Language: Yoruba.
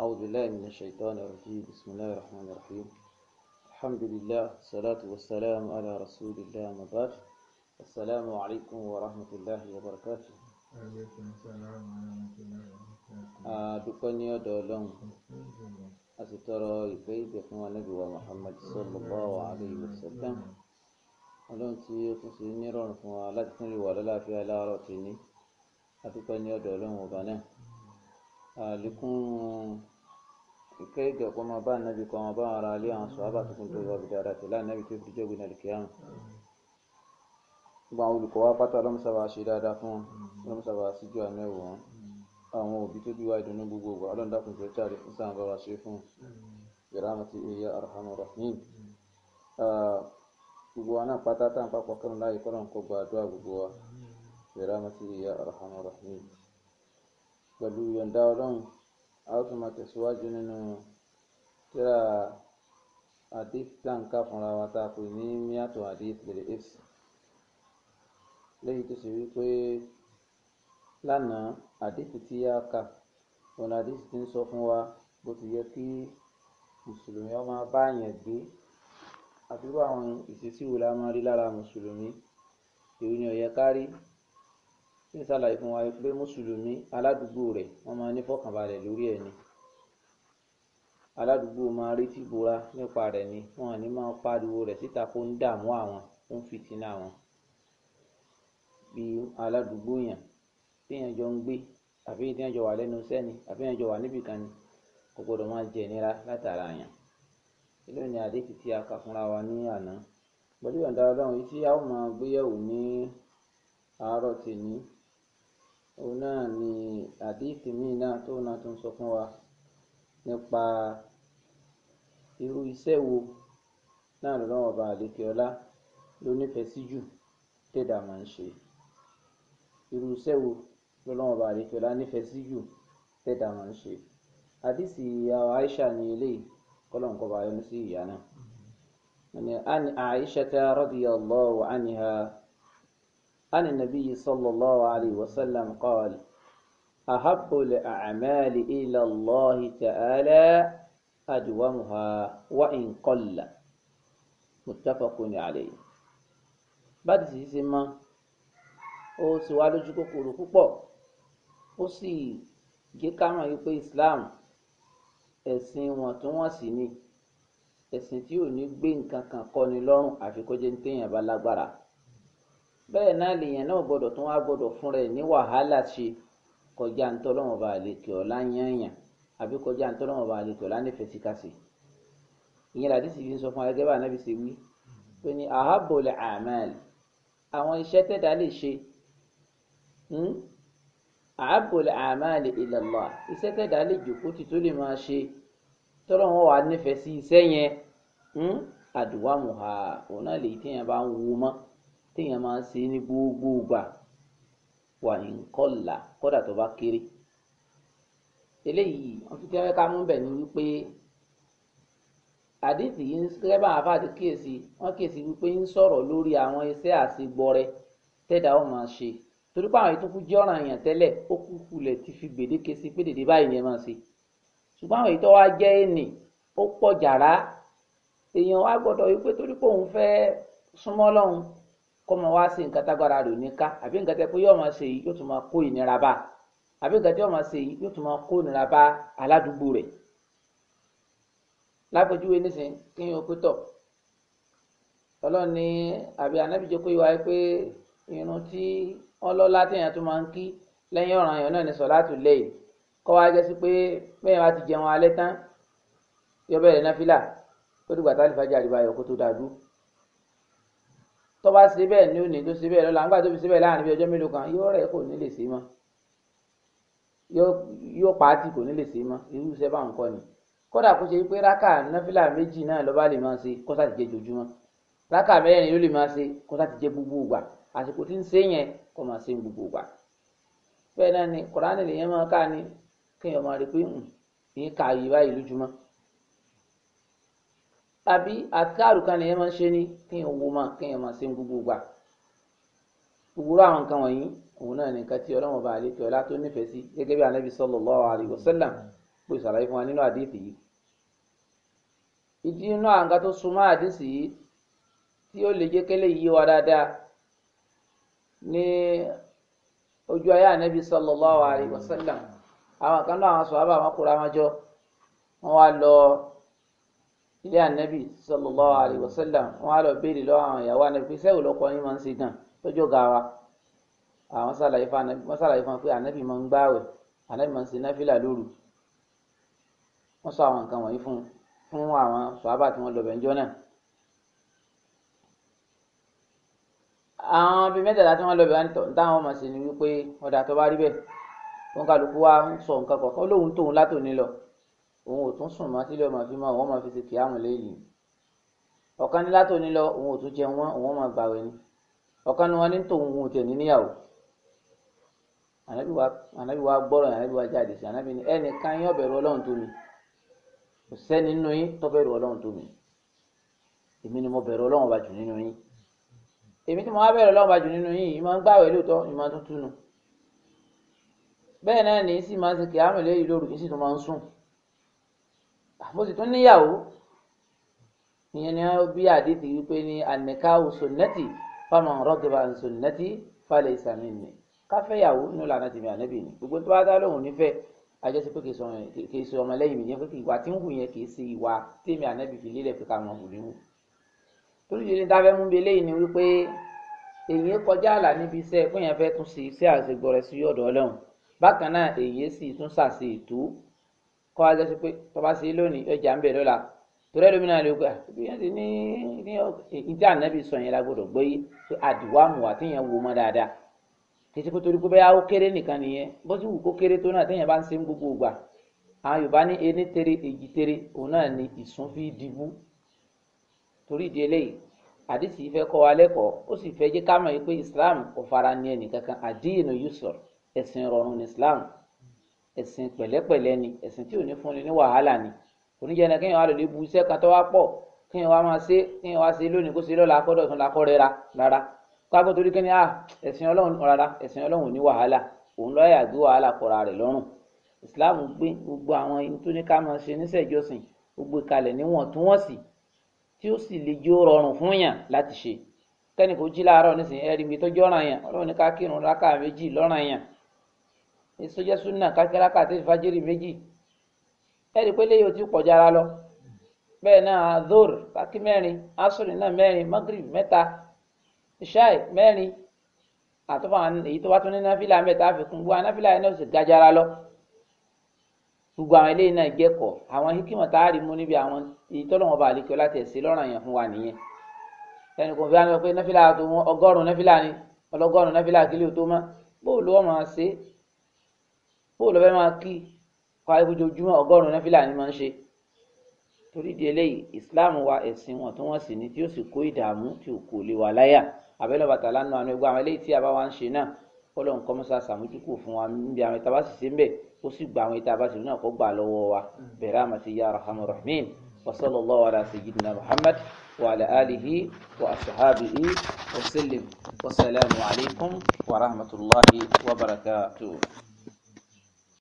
أعوذ بالله من الشيطان الرجيم بسم الله الرحمن الرحيم الحمد لله والصلاة والسلام على رسول الله مبارك السلام عليكم ورحمة الله وبركاته عليكم يا ورحمة الله وبركاته أدوكني دولون أسترى يبيد يقوم النبي محمد صلى الله عليه وسلم ọlọ́run tí ó tún ṣe nírọ̀rùn fún wa láti tún lè wà lọ́láàfíà láàárọ̀ tì ní adúpẹ́ ní ọ̀dọ̀ ọlọ́run ọba náà àlékún ìkẹ́ ìgẹ̀ kó máa bá ànábì kan máa bá ara alé àwọn sọ̀hábà tó kún tó lọ bìí dáadáa tẹ̀lé ànábì tó fi jọ́gbìn náà lùkìá hàn. gbogbo àwọn olùkọ́ wa pátá ọlọ́mùsàbà ṣe dáadáa fún wọn ọlọ́mùsàbà síjú àánú ẹ̀wọ̀ wọn àwọn òbí tó bí wá ìdùnnú gbogbo ògbà ọlọ́ndàkùn tó jáde fún sáà bá wa ṣe fún ìrámàtí ìyá arhamar rahim gbogbo pẹ̀lú yọ̀ǹda ọlọ́run a ó tún máa tẹ̀síwájú nínú tíra hadith táǹkà fúnra wa tá a pè ní miato hadith lèrè èsì lẹ́yìn tó ṣe wípé lánàá hadith tí a kà ọ̀nà hadith ti ń sọ fún wa bó ti yẹ kí mùsùlùmí ọmọ báyàn gbé àbí àwọn ìṣesí wo la máa rí lára mùsùlùmí èyí ni ó yẹ sì ń fún wa pé mùsùlùmí aládùúgbò rẹ̀ wọ́n máa ní fọkànbalẹ̀ lórí ẹ̀ ni aládùúgbò máa rí tìbúra nípa rẹ̀ ni wọn ò ní máa pariwo rẹ̀ síta kó ń dààmú àwọn ó ń fìtínà àwọn bí aládùúgbò yàn téèyàn jọ ń gbé àbí téèyàn jọ wà lẹ́nu iṣẹ́ ni àbí téèyàn jọ wà níbì kan ni kò gbọdọ̀ máa jẹ ìnira látara àyàn ilé ní àdéhùn tí a kà fúnra wa ní àná pẹ̀lú ìyọ̀ǹda Ọlọ́run yìí tí a ó máa gbéyẹ̀wò ní àárọ̀ tèmi òun náà ni àdíìtì míì náà tó náà tó ń sọ fún wa nípa irú iṣẹ́ wo náà lọ́wọ́ ọba àlékè ọlá ló nífẹ̀ẹ́ sí jù tẹ̀dá máa ń ṣe irú iṣẹ́ wo lọ́wọ́ ọba àlékè ọlá nífẹ̀ẹ́ sí jù tẹ̀dá máa ń ṣe àdíìsì àwọn Aisha ni eléyìí kọ́lọ́n kọ́ba ayọ́nú sí ìyá náà. عن عائشة رضي الله عنها عن النبي صلى الله عليه وسلم قال أحب الأعمال إلى الله تعالى أدومها وإن قل متفق عليه báàdì sì ṣe mọ ó sì wá lójú kòkòrò púpọ̀ ó sì gé kámọ̀ yìí pé Islam ẹ̀sìn wọn tí wọ́n sì ní ẹ̀sìn tí ò ní gbé nǹkan kan kọ́ni lọ́rùn àfi kó jẹ́ ní téèyàn bá lágbára bẹ́ẹ̀ náà lèèyàn náà gbọ́dọ̀ tún wá gbọ́dọ̀ fún rẹ̀ ní wàhálà ṣe kọjá ń tọ́lọ́wọ́n bá àlekè ọ̀la yányàn àbí kọjá ń tọ́lọ́wọ́n bá àlekè ọ̀la nífẹ̀ẹ́ sí kásì ìyẹn làdí sì fi ń sọ fún agẹ́gẹ́ bá anábì ṣe wí pé ní ahabole amal àwọn iṣẹ́ tẹ̀dá lè ṣe hmm? ahabole amal ilallah iṣẹ́ tẹ̀dá lè jòkó tí tó lè máa ṣe tọ́lọ́wọ́n wà nífẹ̀ẹ́ sí iṣẹ́ yẹn hmm? àdùwà mùhà òun náà lè téèyàn bá ń wo mọ́ téèyàn máa ń ṣe ní gbogbo ìgbà wà nǹkan là kódà tó bá kéré eléyìí wọn fi tẹ́wẹ́ ká mú bẹ̀ ni wípé àdìsí yìí gẹ́gẹ́ bá àwọn afáàtì kíyèsí wọ́n kíyèsí wípé ń sọ̀rọ̀ lórí àwọn iṣẹ́ àṣegbọrẹ tẹ́dà ó máa ṣe torí pé àwọn ìtúkú jẹ́ ọ̀ràn èèyàn tẹ́lẹ̀ ó kú kulẹ̀ ti fi gbèdéke sí pé dèdè báyìí ni ẹ máa ṣe ṣùgbọ́n àwọn ìtọ́ wa jẹ́ ènì ó pọ̀ jàrá èèyàn wa gbọ́dọ̀ wípé torí pé òun fẹ́ súnmọ́ lọ́hùn kó máa wá sí nǹkan tágbára rẹ̀ ò ní ká àbí nǹkan tẹ́ pé yóò máa ṣe yìí yóò tún máa kó ìnira bá àbí nǹkan tí yóò máa ṣe yìí yóò tún máa kó ìnira bá aládùúgbò rẹ̀ lápèjúwe nísìnyí kí yín o pé tọ̀ ọlọ́run ní àbí anábìjọ pé wáyé pé irun tí wọ́n lọ́lá téèyàn tún máa ń kí lẹ́yìn ọ̀ràn èèyàn náà ní sọ̀láàtù lẹ́yìn kọ́ wá jẹ́ pé bẹ́ẹ̀ wá ti jẹun alẹ́ tán yọ bẹ̀rẹ̀ náfìlà ó dìgbà tá àlùfáàjà àdìbàyọ̀ kó tó dàdú tó bá ṣe bẹ́ẹ̀ ní òní tó ṣe bẹ́ẹ̀ lọ́la nígbà tó fi ṣe bẹ́ẹ̀ láàrin bíi ọjọ́ mélòó kan yóò rẹ̀ kò ní lè ṣe mọ́ yóò pàtì kò ní lè ṣe mọ́ irú iṣẹ́ bá ń kọ́ ni kódà kó ṣe pé rákà náfìlà méjì náà lọ́ba lè máa ṣe kó sá ti jẹ jojúmọ́ rákà mẹ́rin ló lè máa ṣe kó sá ti jẹ gbogbo ìgbà àsìkò tí ń ṣe yẹn kó máa ṣe gbogbo ìgbà bẹ́ẹ̀ náà ni kùránì lèyẹn máa ká ni kéèyàn máa rí pé ń kà yí báyìí lójúmọ́ àbí àtikáàrù kan lèyẹn máa ń ṣe ní kéèyàn wo máa kéèyàn máa ṣe gbogbo gbà gbogbo àwọn nǹkan wọ̀nyí òun náà nìkan tí ọlọ́run ọba àlejò ọlá tó nífẹ̀ẹ́ sí gẹ́gẹ́ bí anabi sallallahu alaihi wasallam pé sàlàyé fún wa nínú àdéhìí yìí ìdí inú àǹkà tó súnmọ́ àdéhìí yìí tí ó lè jẹ́ kẹ́lẹ́ yìí wá dáadáa ní ojú ayé anabi sallallahu alaihi wasallam àwọn kan náà àwọn sọ̀rọ̀ ilé ànábì sallallahu alaihi wasallam wọn á lọ béèrè lọ́wọ́ àwọn ìyàwó ànábì pé sẹ́wò lọ́kọ yín máa ń ṣe gan lọ́jọ́ ga wa àwọn sàlàyé fún ànábì wọn sàlàyé fún wọn pé ànábì máa ń gbààwẹ̀ ànábì máa ń ṣe náfìlà lóru wọn sọ àwọn nǹkan wọ̀nyí fún fún àwọn sàhábà tí wọ́n lọ bẹ̀ ńjọ́ náà. àwọn bíi mẹ́tàlá tí wọ́n lọ bẹ̀ wá táwọn ọmọ sí ni wípé ọ̀dà tó bá rí bẹ́ẹ̀ wọn kálukú wa ń sọ nǹkan kọ̀ọ̀kan òun ò tún sùn mọ́ tílé ọmọ fi máa wọ́n máa fi ṣe kìámù léyìí ọ̀kan ní látò ní lọ òun ò tún jẹun wọn òun máa gbàwẹ̀ ni ọ̀kan ní wọn ní tòun òun ò tẹ̀ ànábì wa gbọ́rọ̀ ànábì wa jáde sí ànábì ni ẹnìkan yín ọ̀bẹ̀rù ọlọ́run tó mi kò sẹ́ni nínú yín tó bẹ̀rù ọlọ́run tó mi èmi ni mo bẹ̀rù ọlọ́run ọba jù nínú yín èmi tí mo wá bẹ̀rù ọlọ́run ọba jù nínú yín ìmọ̀ ń gbàwẹ̀ lóòótọ́ ìmọ̀ tuntun nù bẹ́ẹ̀ náà ní sì máa ń ṣe kìámù léyìí lóru kí sì tún máa ń sùn mo sì tún níyàwó ìyẹn ni wọn bí àdìtì wípé ní ànìká òsùnẹ́tì fáwọn rọ́gìbà òsùnẹ́tì falẹ̀ ìsàmì nì káfẹ́yàwó nínú lànà tèmi ànábì ni gbogbo tó bá dá lóhùn nífẹ̀ẹ́ ajọsí pé kì í sọ ọmọ lẹ́yìn mi yẹn pé ìwà tí ń hù yẹn kì í ṣe ìwà tèmi ànábì fi lélẹ̀ pé káwọn kò ní hù torí ìdílé tá a fẹ́ mú bi eléyìí ni wípé èyí kọjá àlà níbi iṣẹ́ pé yẹn fẹ́ tún ṣe iṣẹ́ àṣegbọrẹ sí ọ̀dọ̀ Ọlọ́run bákan náà èyí sì tún ṣàṣe kọ́ wá jẹ́sí pé tọ́ba sí lónìí ọjà ń bẹ̀ lọ́la torí ẹlòmínà lè gbà ibi yẹn ti ní ní ọkùnrin tí ànábì sọ yẹn la gbọ́dọ̀ gbọ́ yé pé àdìwá mu àti yẹn wo mọ dáadáa títí kó torí pé bẹ́ẹ̀ ó kéré nìkan nìyẹn bó ti wù kó kéré tó náà téèyàn bá ń ṣe ń gbogbo ògbà àwọn Yorùbá ní ení tere èjì tere òun náà ni ìsún fi dìbú torí ìdí eléyìí àdìsí fẹ́ kọ́ wa lẹ́kọ̀ọ́ ó sì fẹ́ jẹ́ ká mọ̀ pé Islam kò fara ní ẹnì kankan àdínù yusuf ẹ̀sìn rọrùn ní Islam ẹ̀sìn pẹ̀lẹ́pẹ̀lẹ́ ni ẹ̀sìn tí ò ní fúnni ní wàhálà ni oníjẹ náà kéèyàn wá lò ní ibu iṣẹ́ kan tó wá pọ̀ kéèyàn wá máa ṣe kéèyàn wá ṣe lónìí kó ṣe lọ́la akọ́dọ̀ tún lakọ́ rẹ́ra rárá káàkó torí kéèyàn ah ẹ̀sìn ọlọ́run rárá ẹ̀sìn ọlọ́run ò ní wàhálà òun lọ́ọ́ yàgbé wàhálà kọ́ra rẹ̀ lọ́rùn Islam gbé gbogbo àwọn ẹni tó ní ká máa ṣe níṣẹ́jọsìn gbogbo kalẹ̀ níwọ̀ntúnwọ̀nsì tí ó sì lè jó rọrùn fún yàn láti ṣe kẹ́nìkan jí ìsọjẹ súnà kákẹ́rà kàtí fàjírì méjì ẹ̀rí pé léyìí ò ti pọ̀ jára lọ bẹ́ẹ̀ náà azor kákí mẹ́rin asúrì náà mẹ́rin magrib mẹ́ta ishai mẹ́rin àtúfà èyí tó wá tún ní náfìlà mẹ́ta àfikún gbọ́ náfìlà yẹn náà sì ga jára lọ gbogbo àwọn eléyìí náà jẹ́kọ̀ àwọn hikima tá a rí mú níbi àwọn èyí tọ́lọ́wọ́n bá àlekè láti ẹ̀sìn lọ́ràn yẹn fún wa nìyẹn ẹnì kan fi hàn pé náfìlà tó mú ọgọ́rùn-ún náfìlà ni ọlọ́gọ́rùn-ún náfìlà kílíò tó mọ́ bóòlù ọmọ ṣe bóòlù ọbẹ̀ máa kí kọ́ ayébójoojúmọ́ ọgọ́rùn-ún náfìlà ni máa ń ṣe torí di eléyìí islam wa ẹ̀sìn wọn tí wọ́n sì ní tí ó sì kó ìdààmú tí ò kò lè wà láyà abẹ́lẹ̀ bàtà lánàá àwọn ẹgbẹ́ àwọn eléyìí tí a bá wá ń ṣe náà kọ́lọ́ nǹkan mọ́sá sàmójúkù fún wa níbi àwọn ìta bá sì ṣe ń bẹ̀ ó sì gba àwọn ìta bá sì náà kó gbà lọ́wọ́ wa bẹ̀rẹ̀ àmọ́ ti yá rahman wa sallallahu ala sayyidina muhammad wa ala alihi wa ashabihi wa sallim wa salaamu alaykum wa rahmatulahi wa barakatuh.